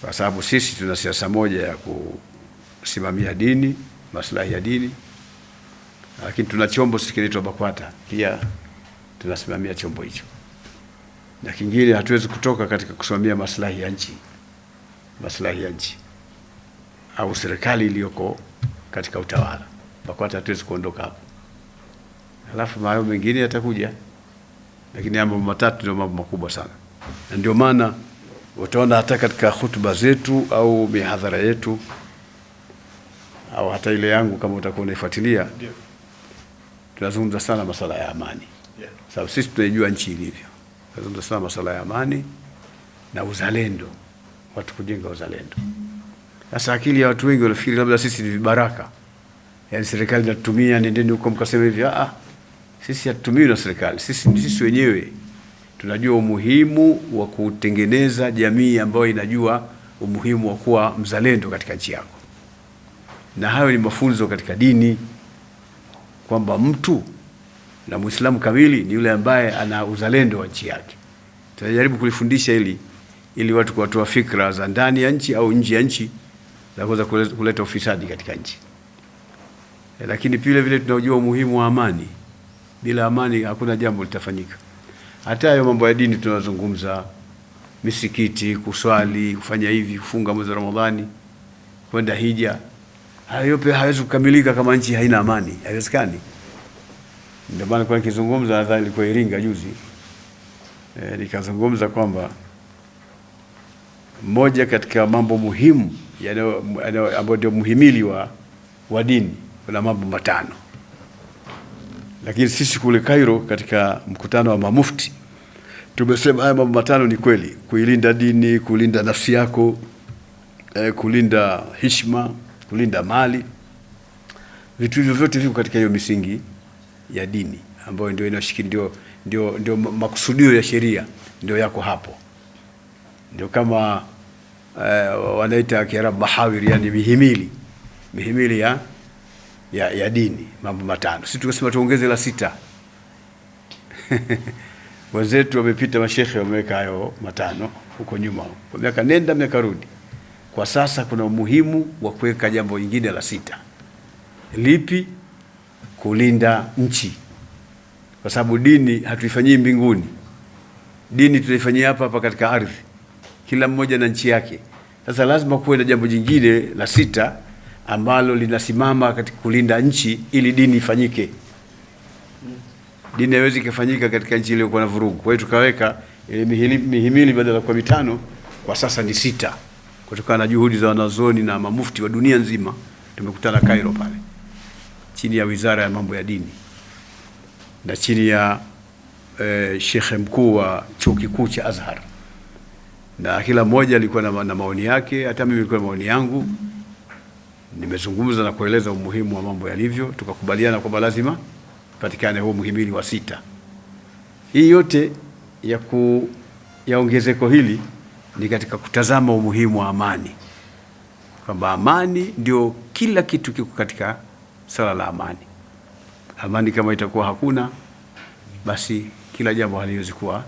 kwa sababu sisi tuna siasa moja ya kusimamia dini, maslahi ya dini, lakini tuna chombo kinaitwa BAKWATA pia tunasimamia chombo hicho, na kingine hatuwezi kutoka katika kusimamia maslahi ya nchi, maslahi ya nchi au serikali iliyoko katika utawala. BAKWATA hatuwezi kuondoka hapo, alafu mambo mengine yatakuja, lakini mambo matatu ndio mambo makubwa sana, na ndio maana Utaona hata katika hutuba zetu au mihadhara yetu au hata ile yangu kama utakuwa unaifuatilia, tunazungumza sana masala ya amani, sababu sisi tunaijua nchi ilivyo. Tunazungumza sana masala ya amani na uzalendo, watu kujenga uzalendo. Sasa akili ya watu wengi wanafikiri labda sisi ni vibaraka, yaani serikali inatutumia, nendeni huko mkasema hivi. Ah, ah, sisi hatutumiwi na serikali, sisi sisi wenyewe tunajua umuhimu wa kutengeneza jamii ambayo inajua umuhimu wa kuwa mzalendo katika nchi yako, na hayo ni mafunzo katika dini kwamba mtu na Muislamu kamili ni yule ambaye ana uzalendo wa nchi yake. Tunajaribu kulifundisha hili ili watu kuwatoa fikra za ndani ya nchi au nje ya nchi za kuweza kuleta ufisadi katika nchi. lakini vile vile tunajua umuhimu wa amani. Bila amani hakuna jambo litafanyika. Hata hayo mambo ya dini tunazungumza, misikiti, kuswali, kufanya hivi, kufunga mwezi wa Ramadhani, kwenda hija, hayo yote hayawezi kukamilika kama nchi haina amani, haiwezekani. Ndio maana kwa nikizungumza, nadhani ilikuwa Iringa juzi, e, nikazungumza kwamba moja katika mambo muhimu ambayo ndio muhimili wa, wa dini kuna mambo matano lakini sisi kule Cairo katika mkutano wa mamufti tumesema haya mambo matano ni kweli: kuilinda dini, kulinda nafsi yako, eh, kulinda hishma kulinda mali. Vitu hivyo vyote viko katika hiyo misingi ya dini ambayo ndio inashiki, ndio, ndio, ndio makusudio ya sheria ndio yako hapo, ndio kama eh, wanaita Kiarabu mahawir, yani mihimili mihimili ya ya, ya dini mambo matano, si tukasema tuongeze la sita wenzetu wamepita, mashehe wameweka hayo matano huko nyuma, kwa miaka nenda miaka rudi. Kwa sasa kuna umuhimu wa kuweka jambo lingine la sita. Lipi? Kulinda nchi, kwa sababu dini hatuifanyii mbinguni, dini tunaifanyia hapa hapa katika ardhi, kila mmoja na nchi yake. Sasa lazima kuwe na jambo jingine la sita ambalo linasimama katika kulinda nchi ili dini ifanyike. Dini haiwezi kufanyika katika nchi iliyokuwa na vurugu. Kwa hiyo tukaweka e, ile mihimili badala kwa kuwa mitano, kwa sasa ni sita, kutokana na juhudi za wanazuoni na mamufti wa dunia nzima. Tumekutana Cairo pale chini ya wizara ya mambo ya dini na chini ya eh, shekhe mkuu wa chuo kikuu cha Azhar, na kila mmoja alikuwa na, na maoni yake. Hata mimi nilikuwa na maoni yangu nimezungumza na kueleza umuhimu wa mambo yalivyo, tukakubaliana kwamba lazima patikane huo muhimili wa sita. Hii yote ya, ku, ya ongezeko hili ni katika kutazama umuhimu wa amani, kwamba amani ndio kila kitu kiko katika sala la amani. Amani kama itakuwa hakuna, basi kila jambo haliwezi kuwa